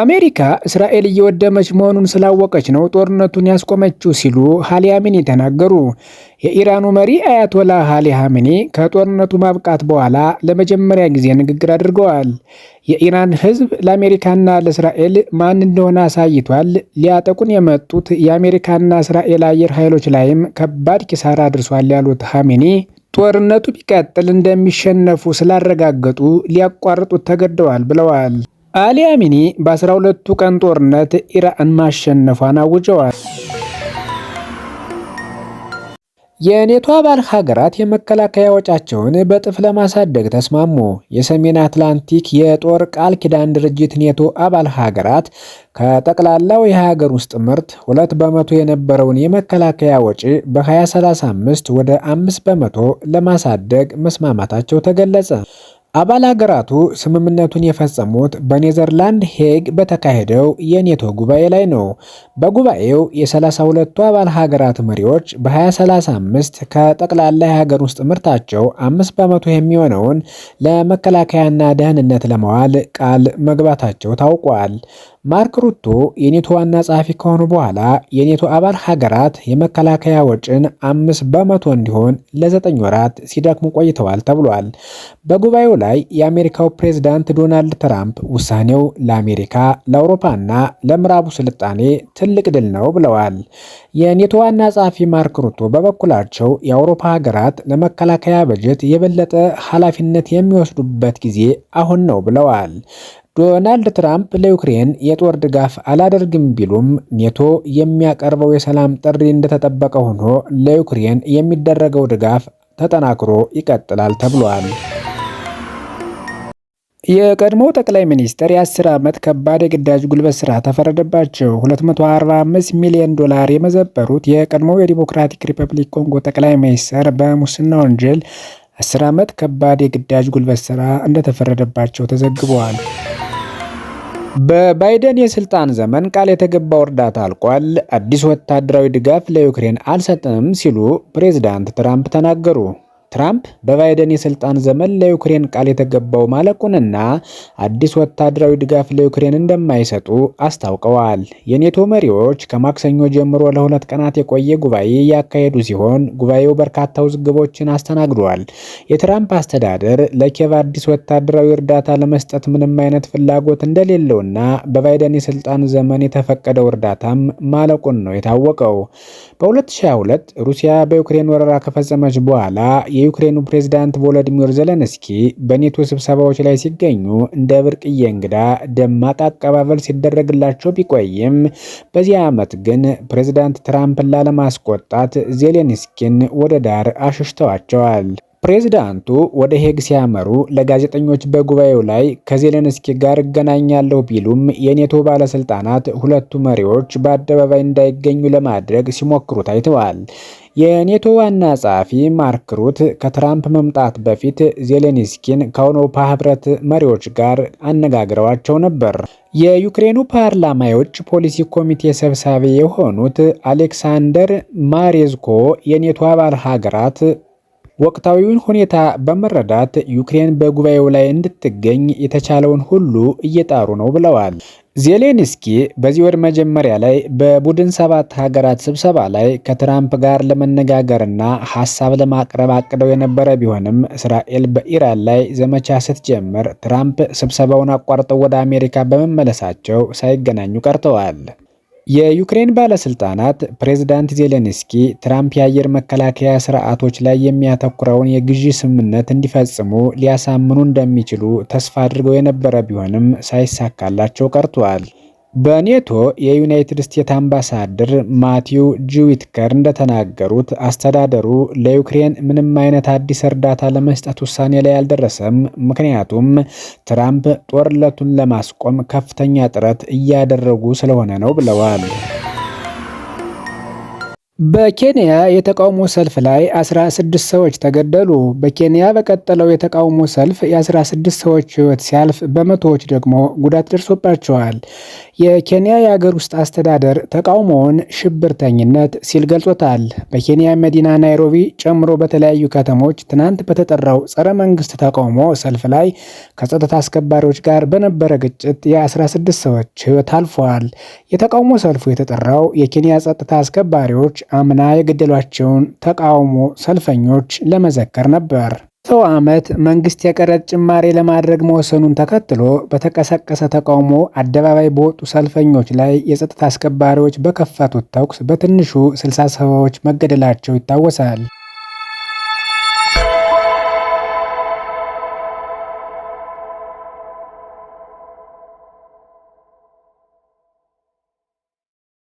አሜሪካ እስራኤል እየወደመች መሆኑን ስላወቀች ነው ጦርነቱን ያስቆመችው ሲሉ ሀሊ ሀሚኒ ተናገሩ። የኢራኑ መሪ አያቶላ ሀሊ ሀሚኒ ከጦርነቱ ማብቃት በኋላ ለመጀመሪያ ጊዜ ንግግር አድርገዋል። የኢራን ሕዝብ ለአሜሪካና ለእስራኤል ማን እንደሆነ አሳይቷል። ሊያጠቁን የመጡት የአሜሪካና እስራኤል አየር ኃይሎች ላይም ከባድ ኪሳራ አድርሷል ያሉት ሀሚኒ ጦርነቱ ቢቀጥል እንደሚሸነፉ ስላረጋገጡ ሊያቋርጡት ተገደዋል ብለዋል። አሊ አሚኒ በአስራ ሁለቱ ቀን ጦርነት ኢራን ማሸነፏን አውጀዋል። የኔቶ አባል ሀገራት የመከላከያ ወጫቸውን በጥፍ ለማሳደግ ተስማሙ። የሰሜን አትላንቲክ የጦር ቃል ኪዳን ድርጅት ኔቶ አባል ሀገራት ከጠቅላላው የሀገር ውስጥ ምርት ሁለት በመቶ የነበረውን የመከላከያ ወጪ በ2035 ወደ አምስት በመቶ ለማሳደግ መስማማታቸው ተገለጸ። አባል ሀገራቱ ስምምነቱን የፈጸሙት በኔዘርላንድ ሄግ በተካሄደው የኔቶ ጉባኤ ላይ ነው። በጉባኤው የ32ቱ አባል ሀገራት መሪዎች በ2035 ከጠቅላላ የሀገር ውስጥ ምርታቸው 5 በመቶ የሚሆነውን ለመከላከያና ደህንነት ለመዋል ቃል መግባታቸው ታውቋል። ማርክ ሩቶ የኔቶ ዋና ጸሐፊ ከሆኑ በኋላ የኔቶ አባል ሀገራት የመከላከያ ወጪን አምስት በመቶ እንዲሆን ለዘጠኝ ወራት ሲደክሙ ቆይተዋል ተብሏል። በጉባኤው ላይ የአሜሪካው ፕሬዝዳንት ዶናልድ ትራምፕ ውሳኔው ለአሜሪካ ለአውሮፓና ለምዕራቡ ስልጣኔ ትልቅ ድል ነው ብለዋል። የኔቶ ዋና ጸሐፊ ማርክ ሩቶ በበኩላቸው የአውሮፓ ሀገራት ለመከላከያ በጀት የበለጠ ኃላፊነት የሚወስዱበት ጊዜ አሁን ነው ብለዋል። ዶናልድ ትራምፕ ለዩክሬን የጦር ድጋፍ አላደርግም ቢሉም ኔቶ የሚያቀርበው የሰላም ጥሪ እንደተጠበቀ ሆኖ ለዩክሬን የሚደረገው ድጋፍ ተጠናክሮ ይቀጥላል ተብሏል። የቀድሞው ጠቅላይ ሚኒስትር የ10 ዓመት ከባድ የግዳጅ ጉልበት ስራ ተፈረደባቸው። 245 ሚሊዮን ዶላር የመዘበሩት የቀድሞ የዲሞክራቲክ ሪፐብሊክ ኮንጎ ጠቅላይ ሚኒስትር በሙስና ወንጀል 10 ዓመት ከባድ የግዳጅ ጉልበት ስራ እንደተፈረደባቸው ተዘግበዋል። በባይደን የስልጣን ዘመን ቃል የተገባው እርዳታ አልቋል፣ አዲስ ወታደራዊ ድጋፍ ለዩክሬን አልሰጥም ሲሉ ፕሬዝዳንት ትራምፕ ተናገሩ። ትራምፕ በባይደን የስልጣን ዘመን ለዩክሬን ቃል የተገባው ማለቁንና አዲስ ወታደራዊ ድጋፍ ለዩክሬን እንደማይሰጡ አስታውቀዋል። የኔቶ መሪዎች ከማክሰኞ ጀምሮ ለሁለት ቀናት የቆየ ጉባኤ እያካሄዱ ሲሆን ጉባኤው በርካታ ውዝግቦችን አስተናግዷል። የትራምፕ አስተዳደር ለኪየቭ አዲስ ወታደራዊ እርዳታ ለመስጠት ምንም አይነት ፍላጎት እንደሌለውና በባይደን የስልጣን ዘመን የተፈቀደው እርዳታም ማለቁን ነው የታወቀው። በ2022 ሩሲያ በዩክሬን ወረራ ከፈጸመች በኋላ የዩክሬኑ ፕሬዝዳንት ቮሎዲሚር ዘለንስኪ በኔቶ ስብሰባዎች ላይ ሲገኙ እንደ ብርቅዬ እንግዳ ደማቅ አቀባበል ሲደረግላቸው ቢቆይም በዚህ ዓመት ግን ፕሬዝዳንት ትራምፕን ላለማስቆጣት ዜሌንስኪን ወደ ዳር አሽሽተዋቸዋል። ፕሬዚዳንቱ ወደ ሄግ ሲያመሩ ለጋዜጠኞች በጉባኤው ላይ ከዜሌንስኪ ጋር እገናኛለሁ ቢሉም የኔቶ ባለስልጣናት ሁለቱ መሪዎች በአደባባይ እንዳይገኙ ለማድረግ ሲሞክሩ ታይተዋል። የኔቶ ዋና ጸሐፊ ማርክ ሩት ከትራምፕ መምጣት በፊት ዜሌንስኪን ከአውሮፓ ህብረት መሪዎች ጋር አነጋግረዋቸው ነበር። የዩክሬኑ ፓርላማ የውጭ ፖሊሲ ኮሚቴ ሰብሳቢ የሆኑት አሌክሳንደር ማሬዝኮ የኔቶ አባል ሀገራት ወቅታዊውን ሁኔታ በመረዳት ዩክሬን በጉባኤው ላይ እንድትገኝ የተቻለውን ሁሉ እየጣሩ ነው ብለዋል። ዜሌንስኪ በዚህ ወር መጀመሪያ ላይ በቡድን ሰባት ሀገራት ስብሰባ ላይ ከትራምፕ ጋር ለመነጋገርና ሀሳብ ለማቅረብ አቅደው የነበረ ቢሆንም እስራኤል በኢራን ላይ ዘመቻ ስትጀምር ትራምፕ ስብሰባውን አቋርጠው ወደ አሜሪካ በመመለሳቸው ሳይገናኙ ቀርተዋል። የዩክሬን ባለስልጣናት ፕሬዝዳንት ዜሌንስኪ ትራምፕ የአየር መከላከያ ስርዓቶች ላይ የሚያተኩረውን የግዢ ስምምነት እንዲፈጽሙ ሊያሳምኑ እንደሚችሉ ተስፋ አድርገው የነበረ ቢሆንም ሳይሳካላቸው ቀርቷል። በኔቶ የዩናይትድ ስቴትስ አምባሳደር ማቲው ጂዊትከር እንደተናገሩት አስተዳደሩ ለዩክሬን ምንም አይነት አዲስ እርዳታ ለመስጠት ውሳኔ ላይ አልደረሰም። ምክንያቱም ትራምፕ ጦርነቱን ለማስቆም ከፍተኛ ጥረት እያደረጉ ስለሆነ ነው ብለዋል። በኬንያ የተቃውሞ ሰልፍ ላይ 16 ሰዎች ተገደሉ። በኬንያ በቀጠለው የተቃውሞ ሰልፍ የ16 ሰዎች ሕይወት ሲያልፍ በመቶዎች ደግሞ ጉዳት ደርሶባቸዋል። የኬንያ የአገር ውስጥ አስተዳደር ተቃውሞውን ሽብርተኝነት ሲል ገልጾታል። በኬንያ መዲና ናይሮቢ ጨምሮ በተለያዩ ከተሞች ትናንት በተጠራው ጸረ መንግስት ተቃውሞ ሰልፍ ላይ ከጸጥታ አስከባሪዎች ጋር በነበረ ግጭት የ16 ሰዎች ሕይወት አልፈዋል። የተቃውሞ ሰልፉ የተጠራው የኬንያ ጸጥታ አስከባሪዎች አምና የገደሏቸውን ተቃውሞ ሰልፈኞች ለመዘከር ነበር። ሰው ዓመት መንግስት የቀረጥ ጭማሪ ለማድረግ መወሰኑን ተከትሎ በተቀሰቀሰ ተቃውሞ አደባባይ በወጡ ሰልፈኞች ላይ የጸጥታ አስከባሪዎች በከፈቱት ተኩስ በትንሹ 60 ሰዎች መገደላቸው ይታወሳል።